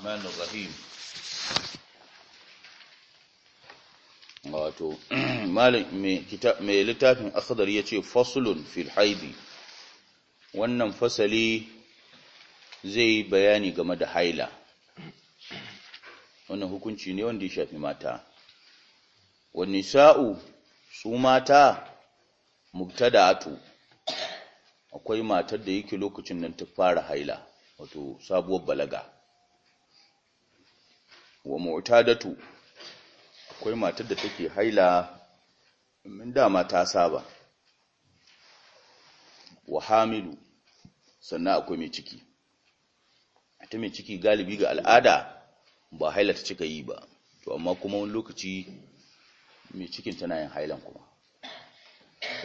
الرحمن الرحيم wato mai littafin akhdar ya ce fasulun fil haidi wannan fasali zai bayani game da haila wannan hukunci ne wanda ya shafi mata wani sa'u su mata mubtada'atu akwai matar da yake lokacin nan ta fara haila wato sabuwar balaga wa mu'tadatu akwai matar da take haila min dama ta saba wa hamilu sannan akwai mai ciki ta mai ciki galibi ga al'ada ba haila ta cika yi ba to amma kuma wani lokaci mai cikin tana yin hailan kuma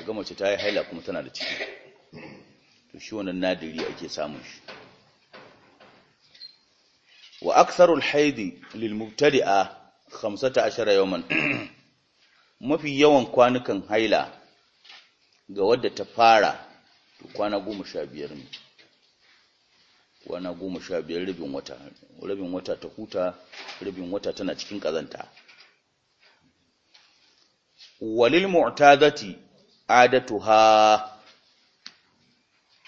gama mace ta yi haila kuma tana da ciki to shi wannan nadiri ake samun shi wa aktharul haidi lil mubtadi'a 15 yawman mafi yawan kwanukan haila ga wadda ta fara kwana 15 ne kwana 15 rabin wata rabin wata ta huta rabin wata tana cikin kazanta walil mu'tadati adatuha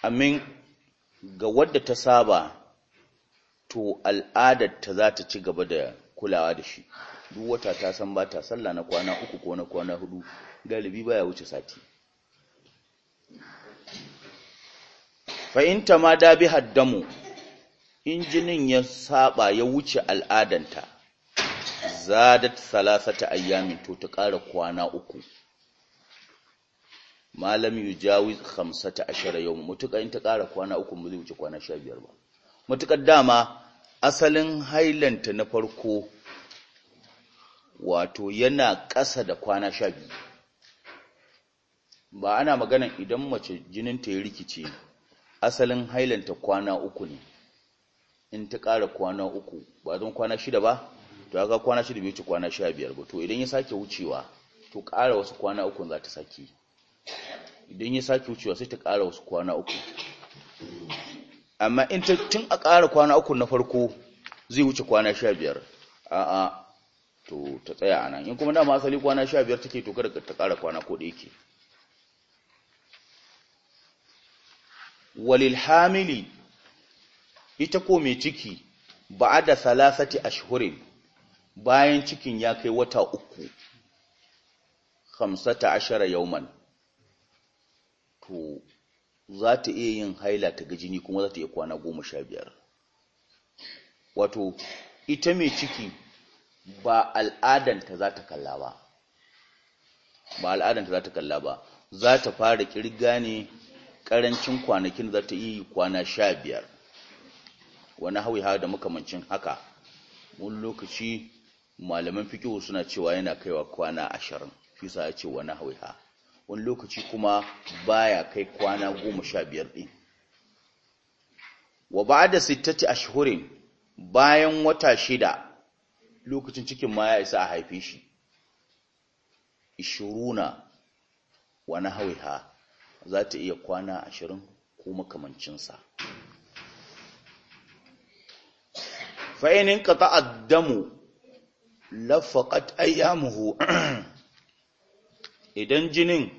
amin ga wadda ta saba to ta za ta ci gaba da kulawa da shi duk wata ta san ba ta sallah na kwana uku ko na kwana hudu galibi baya wuce sati Fahimta ma da bi haddamu in jinin ya saba ya wuce al'adanta zadat salasata ayyami to ta ƙara kwana uku malam yujawiz khamsata ashara yawm mutuka in ta kara kwana uku mu zai wuce kwana 15 ba matuƙar dama asalin hailanta na farko wato yana ƙasa da kwana sha biyu ba ana maganan idan mace jininta ya rikice asalin hailanta kwana uku ne in ta ƙara kwana uku ba don kwana shida ba to aka kwana shida bai wuce kwana sha biyar ba to idan ya sake wucewa to ƙara wasu kwana uku za ta sake idan ya sake wucewa sai ta ƙara wasu kwana uku amma in tun a ƙara kwana uku na farko zai wuce kwana sha biyar a'a to ta tsaya a nan in kuma dama asali kwana sha biyar take to kada ta ƙara kwana ko ɗaya ke walil hamili ita ko mai ciki ba da salasati ashhurin bayan cikin ya kai wata uku hamsata ashara yauman to za ta iya yin haila ta ga jini kuma za ta iya kwana goma sha biyar wato ita mai ciki ba al'adanta za ta kalla ba ba al'adanta za ta kalla ba za ta fara kirga ne karancin kwanakin za ta yi kwana sha biyar wani hauyi da makamancin haka wani lokaci malaman fikihu suna cewa yana kaiwa kwana ashirin fisa ya ce wani hauyi ha wani lokaci kuma baya kai kwana goma sha biyar ɗin wa ba da sittati shahurin bayan wata shida lokacin cikin ma ya isa a haife shi ishiruna wani ha za ta iya kwana ashirin ko makamancinsa fa'inin ƙata addamu lafaƙat ayyamuhu idan jinin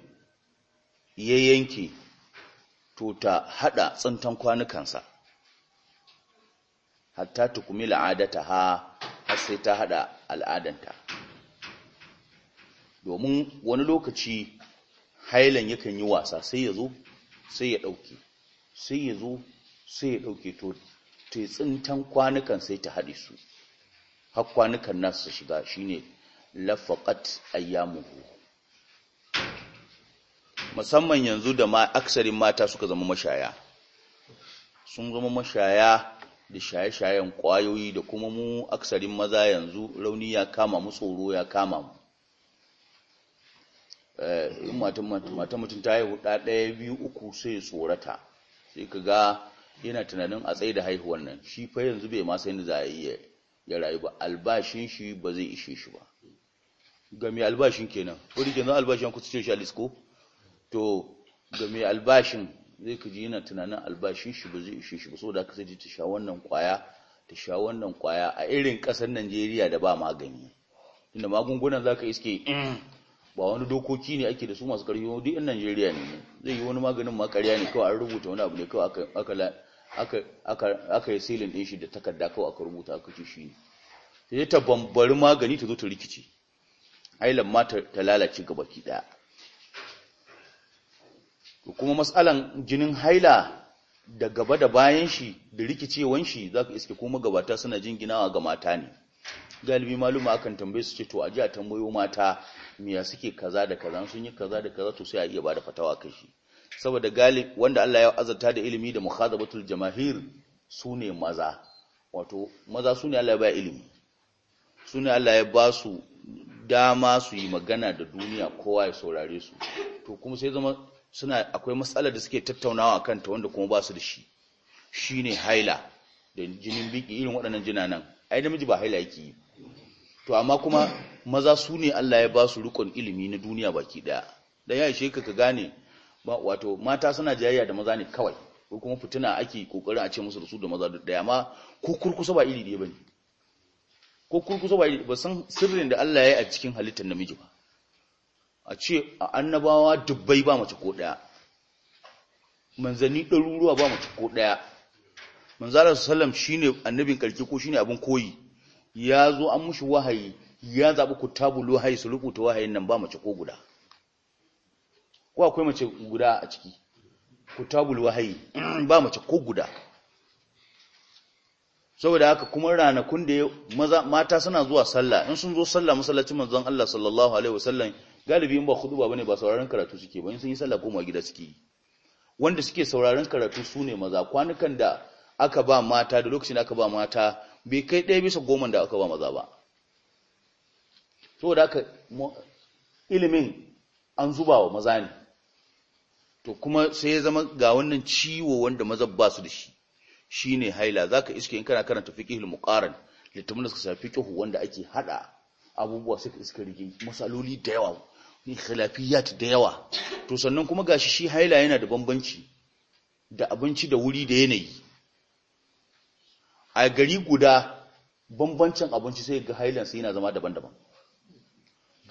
ya yanke to ta hada tsintan kwanukansa hatta tukumi la'adata ha har sai ta hada al'adanta domin wani lokaci hailan yakan yi wasa sai ya zo sai ya dauke sai ya zo sai ya dauke to ta tsintan kwanukan sai ta haɗi su har kwanukan nasu shiga shine lafaqat ayyamuhu musamman yanzu da ma aksarin mata suka zama mashaya sun zama mashaya da shaye-shayen ƙwayoyi da kuma mu aksarin maza yanzu rauni ya kama mu tsoro ya kama mu eh, in mata mutum ta haihu ɗaya biyu uku sai ya tsorata sai ka ga yana tunanin a tsaye da haihuwan nan shi fa yanzu bai ma sai za a yi ya rayu ba albashin shi ba zai ishe shi ba ga mai albashin kenan wani kenan albashin kusa ce shi alisko to ga mai albashin zai ka ji yana tunanin albashin shi ba zai ishe shi ba saboda haka sai ji ta sha wannan kwaya ta sha wannan kwaya a irin kasar Najeriya da ba magani inda magungunan za ka iske mm, ba wani dokoki ne ake da su masu ƙarfi duk yan Najeriya ne zai yi wani maganin ma ƙarya ne kawai an rubuta wani abu ne kawai aka aka yi silin ɗin shi da takarda kawai aka rubuta aka ce shi ne sai ta bambari magani ta zo ta rikice ailan ma ta lalace gabaki ɗaya kuma matsalan jinin haila da gaba da bayan shi da rikicewan shi za ka iske kuma gabata suna jin ginawa ga mata ne galibi maluma akan tambaye su ce to a ji a tambayo mata miya suke kaza da kaza sun yi kaza da kaza to sai a iya bada fatawa kai shi saboda galib wanda Allah ya azarta da ilimi da mukhadabatul jamahir su ne maza wato maza su ne Allah ya ba ilimi su ne Allah ya ba su dama su yi magana da duniya kowa ya saurare su to kuma sai zama suna akwai matsalar da suke tattaunawa a kanta wanda kuma ba su da shi Shi ne haila da jinin biki irin waɗannan jina nan. ai namiji ba haila yake yi to amma kuma maza su ne Allah ya ba su rikon ilimi na duniya baki daya dan ya ishe ka ka gane wato mata suna jayayya da maza ne kawai ko kuma fitina ake kokarin a ce musu da su da maza da daya amma ko kurkusa ba iri ɗaya bane ko kurkusa ba iri ba san sirrin da Allah ya yi a cikin halittar namiji ba a ce a annabawa dubbai ba mace ko ɗaya manzanni ɗaruruwa ba mace ko ɗaya manzala sallam shine annabin karki ko shine abin koyi ya zo an mushi wahayi ya zaɓi ku tabu lohayi su rubuta wahayin nan ba mace ko guda ko akwai mace guda a ciki ku tabu wahayi ba mace ko guda saboda haka kuma ranakun da mata suna zuwa sallah in sun zo sallah masallacin manzon Allah sallallahu alaihi wasallam galibi ba ba ba bane ba sauraron karatu suke ba in sun yi sallah koma gida suke wanda suke sauraron karatu sune maza kwanukan da aka ba mata da lokacin da aka ba mata bai kai ɗaya bisa goma da aka ba maza ba saboda aka ilimin an zuba wa maza ne to kuma sai ya zama ga wannan ciwo wanda maza ba su da shi shine haila zaka iske in kana karanta fiqhul muqaran littafin da suka shafi fiqhu wanda ake hada abubuwa suka iska rigi masaloli da yawa khilafiyat da yawa to sannan kuma gashi shi haila yana da bambanci da abinci da wuri da yanayi a gari guda bambancin abinci sai ga hailan sai yana zama daban-daban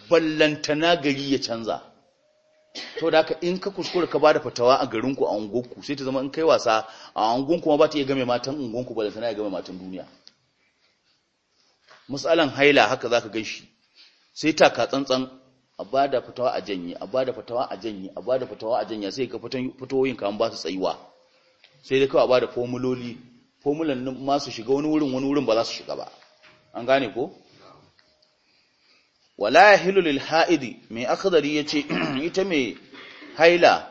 ballantana gari ya canza to da in ka kuskura ka bada fatawa a garinku a ungunku sai ta zama in kai wasa a ungunku ma ba ta iya game matan da ballantana ya game matan duniya misalan haila haka zaka ganshi sai taka tsantsan a bada fitowa a janye a bada fatawa a janye a bada fatawa a janye sai ka fitoyin an ba su tsayuwa sai dai kawai a bada formuloli formulan nan ma su shiga wani wurin wani wurin ba za su shiga ba an gane ko wala yahilu lil haidi mai akhdari yace ita mai haila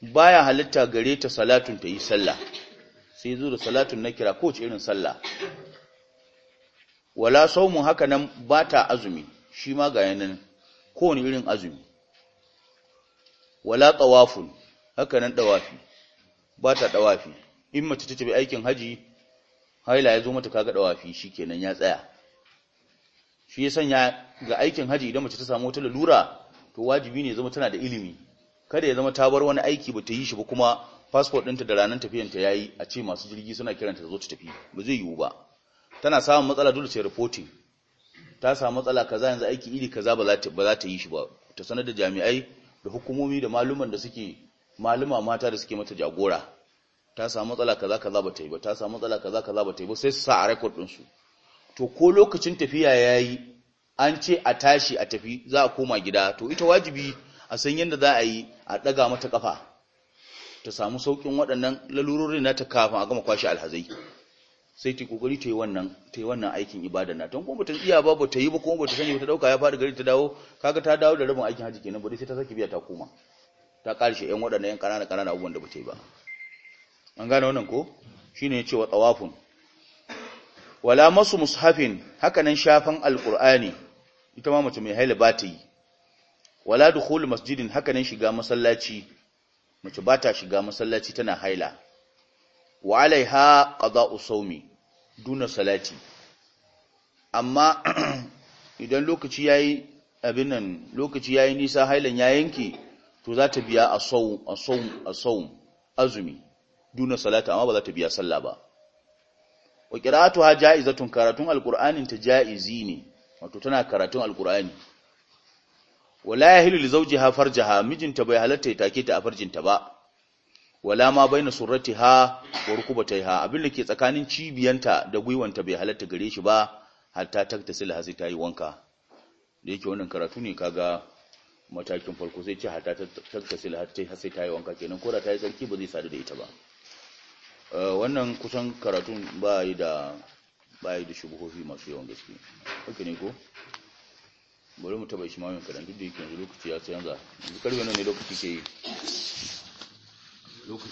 baya halitta gare ta salatun ta yi sallah sai zuwa salatun na kira kowace irin sallah wala saumu haka nan bata azumi shi ma ga yanin kowane irin azumi wala tawafun haka nan dawafi ba ta dawafi in mace ta tafi aikin haji haila ya zo mata kaga dawafi kenan ya tsaya shi ya sanya ga aikin haji idan mace ta samu wata lalura to wajibi ne zama tana da ilimi kada ya zama ta bar wani aiki ba ta yi shi ba kuma passport ɗinta da ranar tafiyanta ya yi a ce masu jirgi suna kiranta ta zo ta tafi ba zai yiwu ba tana samun matsala dole sai reporting ta samu matsala kaza yanzu aiki iri kaza ba za ta yi shi ba ta sanar da jami'ai da hukumomi da maluman da suke maluma mata da suke mata jagora ta samu matsala kaza kaza ba ta yi ba ta samu matsala kaza kaza ba ta yi ba sai su sa a record din su to ko lokacin tafiya yayi an ce a tashi a tafi za a koma gida to ita wajibi a san yanda za a yi a daga mata kafa ta samu saukin waɗannan lalurorin nata kafin a gama kwashe alhazai sai ta kokari ta yi wannan ta yi wannan aikin ibada na tun kuma ta iya ba ba ta yi ba kuma ba ta sani ta dauka ya fara gari ta dawo kaga ta dawo da rabin aikin haji kenan ba dai sai ta saki biya ta koma ta karshe yan wadannan yan kanana kanana abubuwan da ba ta ba an gane wannan ko shine ya ce wa tawafun wala masu mushafin haka nan shafan alqur'ani ita ma mace mai haila ba ta yi wala dukhul masjidin haka nan shiga masallaci mace ba ta shiga masallaci tana haila wa alaiha qada'u sawmi duna salati amma idan lokaci yayi abin nan lokaci yayi nisa hailan ya yanke to za ta biya asawm asawm azumi duna salati amma ba za ta biya sallah ba wa qira'atuha ja'izatun karatun alqur'anin ta ja'izi ne wato tana karatun alqur'ani wala yahilu li zawjiha farjaha mijinta bai halatta ya take ta a farjinta ba wala ma baina ha wa ha. abin da ke tsakanin cibiyanta da gwiwanta bai halatta gare shi ba hatta taktasil hasi yi wanka da yake wannan karatu ne kaga matakin farko sai ce hatta taktasil hasi yi wanka kenan ko da ta yi tsarki ba zai sadu da ita ba eh, wannan kusan karatun ba yi da ba yi da shubuhofi masu yawan gaske haka ne ko bari mu taba shi ma mai karatu duk da yake yanzu lokaci ya tsayanza yanzu Karfe nan ne lokaci ke yi Lucas